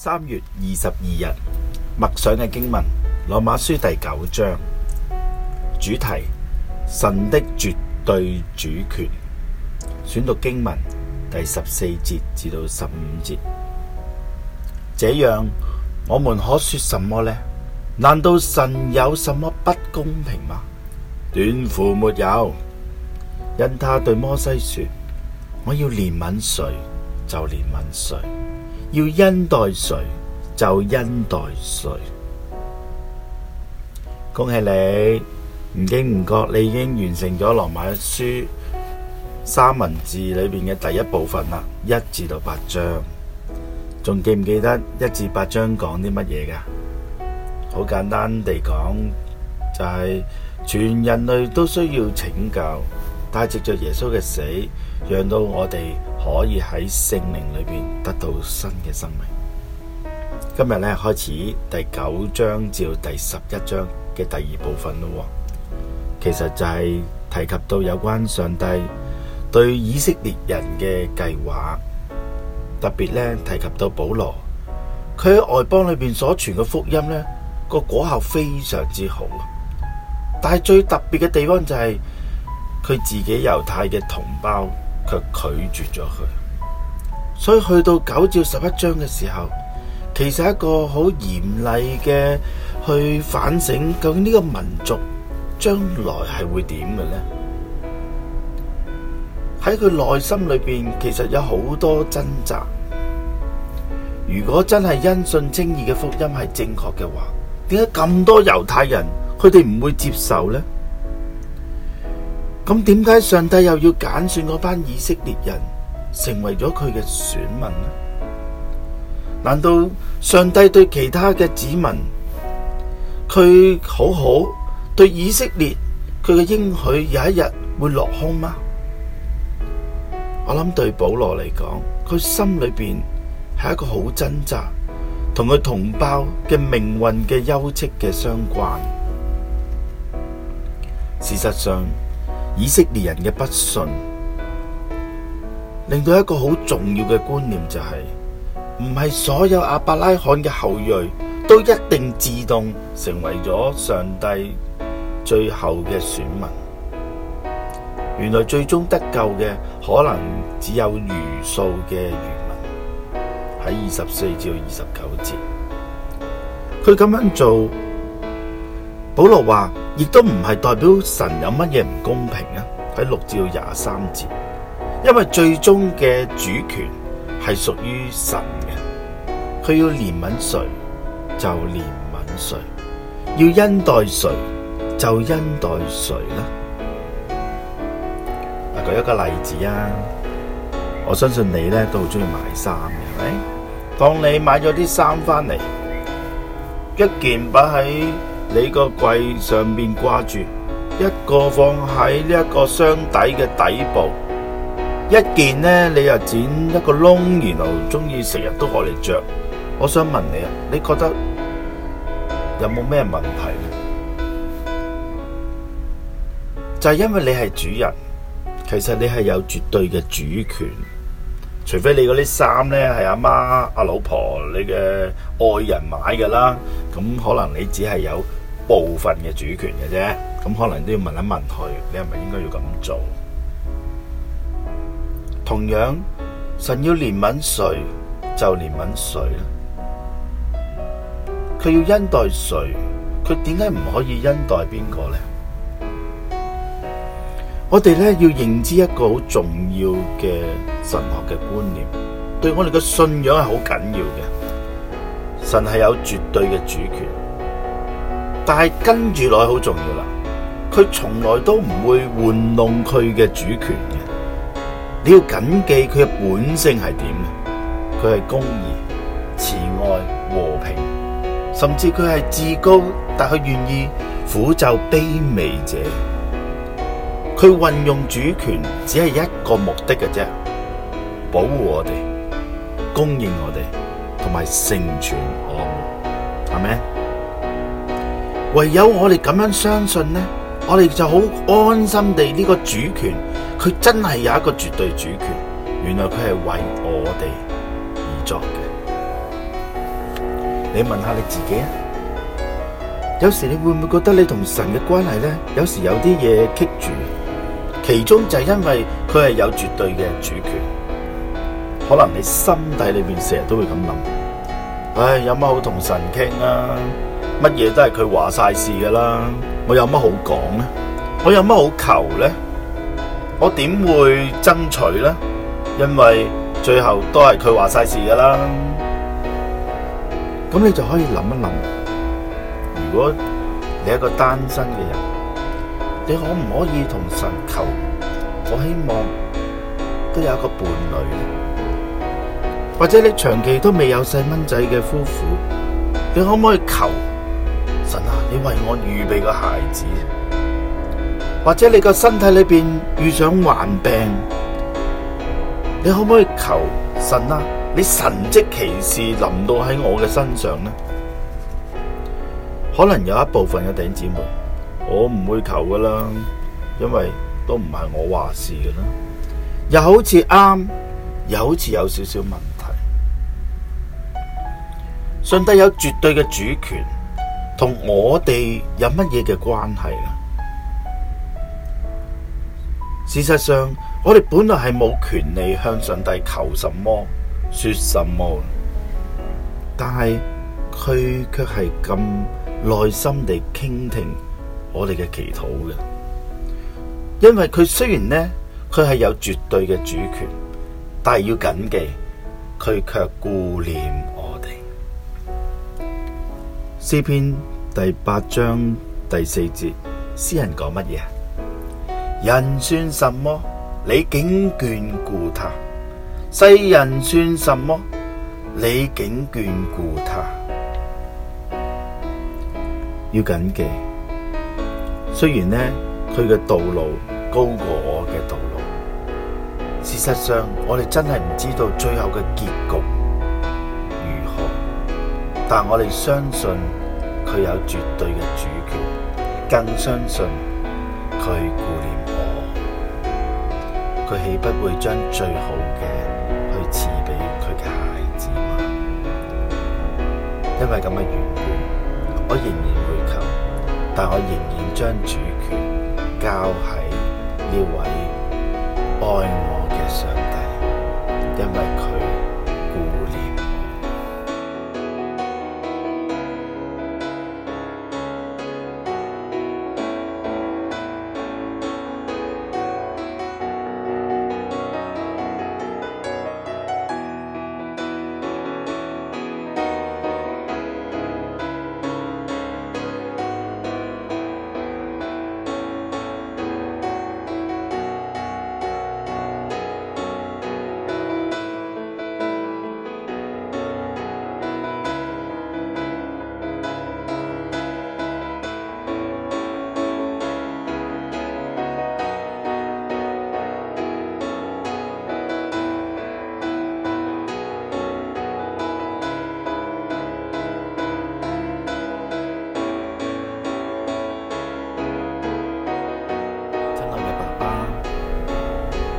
三月二十二日默想嘅經文《羅馬書》第九章，主題，神的絕對主權。選讀經文第十四節至到十五節，這樣我們可說什麼呢？難道神有什麼不公平嗎？斷乎沒有，因他對摩西說：我要憐憫誰就憐憫誰。要恩待誰就恩待誰。恭喜你唔經唔覺，你已經完成咗羅馬書三文字裏邊嘅第一部分啦，一至到八章，仲記唔記得一至八章講啲乜嘢噶好簡單地講，就係、是、全人類都需要拯救，但係藉着耶穌嘅死。讓到我哋可以喺聖靈裏邊得到新嘅生命。今日咧開始第九章至第十一章嘅第二部分咯。其實就係提及到有關上帝對以色列人嘅計劃，特別咧提及到保羅，佢喺外邦裏邊所傳嘅福音呢個果效非常之好，但係最特別嘅地方就係佢自己猶太嘅同胞，卻拒絕咗佢，所以去到九至十一章嘅時候，其實一個好嚴厲嘅去反省，究竟呢個民族將來係會點嘅呢？喺佢內心裏邊，其實有好多掙扎。如果真係因信稱義嘅福音係正確嘅話，點解咁多猶太人佢哋唔會接受呢？咁點解上帝又要揀選嗰班以色列人成為咗佢嘅選民呢？難道上帝對其他嘅子民，佢好好對以色列，佢嘅應許有一日會落空嗎？我諗對保羅嚟講，佢心裏邊係一個好掙扎，同佢同胞嘅命運嘅休戚嘅相關。事實上。以色列人嘅不信，令到一個好重要嘅觀念就係、是，唔係所有亞伯拉罕嘅後裔都一定自動成為咗上帝最後嘅選民。原來最終得救嘅可能只有餘數嘅餘民。喺二十四至二十九節，佢咁樣做。保羅話。亦都唔係代表神有乜嘢唔公平啊！喺六至到廿三節，因為最終嘅主權係屬於神嘅，佢要憐憫誰就憐憫誰，要恩待誰就恩待誰啦。嚟舉一個例子啊！我相信你咧都好中意買衫嘅，係咪？當你買咗啲衫翻嚟，一件擺喺。你個櫃上面掛住一個放喺呢一個箱底嘅底部，一件呢，你又剪一個窿，然後中意成日都愛嚟着。我想問你啊，你覺得有冇咩問題呢？就係、是、因為你係主人，其實你係有絕對嘅主權，除非你嗰啲衫呢，係阿媽,媽、阿老婆、你嘅愛人買㗎啦，咁可能你只係有。部分嘅主權嘅啫，咁可能都要問一問佢，你係咪應該要咁做？同樣，神要憐憫誰就憐憫誰，佢要恩待誰，佢點解唔可以恩待邊個呢？我哋咧要認知一個好重要嘅神學嘅觀念，對我哋嘅信仰係好緊要嘅。神係有絕對嘅主權。但係跟住來好重要啦，佢從來都唔會玩弄佢嘅主權嘅，你要謹記佢嘅本性係點啊？佢係公義、慈愛、和平，甚至佢係至高，但係願意俯就卑微者。佢運用主權只係一個目的嘅啫，保護我哋、供應我哋，同埋成全我哋，係咪？唯有我哋咁樣相信咧，我哋就好安心地呢、這個主權，佢真係有一個絕對主權。原來佢係為我哋而作嘅。你問下你自己啊，有時你會唔會覺得你同神嘅關係咧？有時有啲嘢棘住，其中就係因為佢係有絕對嘅主權。可能你心底裏邊成日都會咁諗，唉，有乜好同神傾啊？乜嘢都係佢話晒事噶啦，我有乜好講咧？我有乜好求咧？我點會爭取咧？因為最後都係佢話晒事噶啦。咁你就可以諗一諗，如果你係一個單身嘅人，你可唔可以同神求？我希望都有一個伴侶，或者你長期都未有細蚊仔嘅夫婦，你可唔可以求？神啊，你為我預備個孩子，或者你個身體裏邊遇上患病，你可唔可以求神啊？你神蹟奇事臨到喺我嘅身上呢？可能有一部分嘅弟兄姊妹，我唔會求㗎啦，因為都唔係我話事嘅啦。又好似啱，又好似有少少問題。上帝有絕對嘅主權。同我哋有乜嘢嘅關係呢？事實上，我哋本來係冇權利向上帝求什麼、說什麼，但係佢卻係咁耐心地傾聽我哋嘅祈禱嘅。因為佢雖然呢，佢係有絕對嘅主權，但係要謹記，佢卻顧念。詩篇第八章第四節，詩人講乜嘢？人算什麼，你竟眷顧他？世人算什麼，你竟眷顧他？要謹記，雖然呢，佢嘅道路高過我嘅道路，事實上，我哋真係唔知道最後嘅結局。但我哋相信佢有絕對嘅主權，更相信佢顧念我，佢豈不會將最好嘅去賜俾佢嘅孩子嗎？因為咁嘅緣故，我仍然會求，但我仍然將主權交喺呢位愛我嘅上帝，因為佢。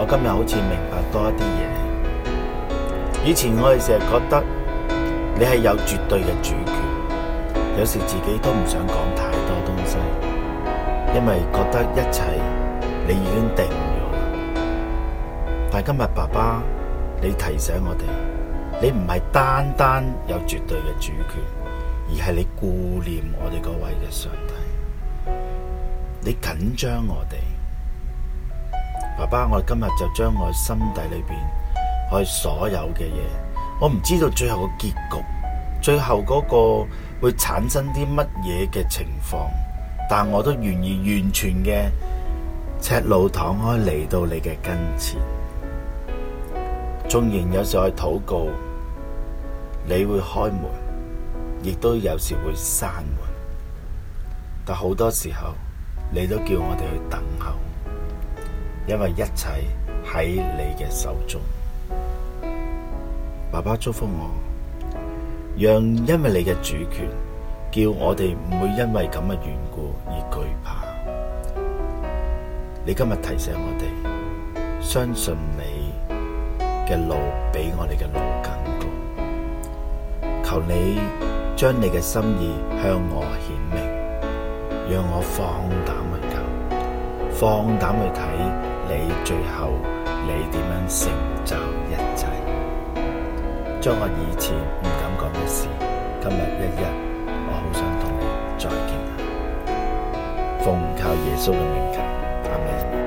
我今日好似明白多一啲嘢。以前我哋成日覺得你係有絕對嘅主權，有時自己都唔想講太多東西，因為覺得一切你已經定咗啦。但今日爸爸，你提醒我哋，你唔係單單有絕對嘅主權，而係你顧念我哋嗰位嘅上帝，你緊張我哋。爸爸，我今日就將我心底裏邊我所有嘅嘢，我唔知道最後嘅結局，最後嗰個會產生啲乜嘢嘅情況，但我都願意完全嘅赤露敞開嚟到你嘅跟前。縱然有時去禱告，你會開門，亦都有時會閂門，但好多時候你都叫我哋去等候。因為一切喺你嘅手中，爸爸祝福我，讓因為你嘅主權，叫我哋唔會因為咁嘅緣故而懼怕。你今日提醒我哋，相信你嘅路比我哋嘅路更高。求你將你嘅心意向我顯明，讓我放膽去求，放膽去睇。你最後你點樣成就一切？將我以前唔敢講嘅事，今日一日我好想同你再見啊！奉靠耶穌嘅名求，阿們。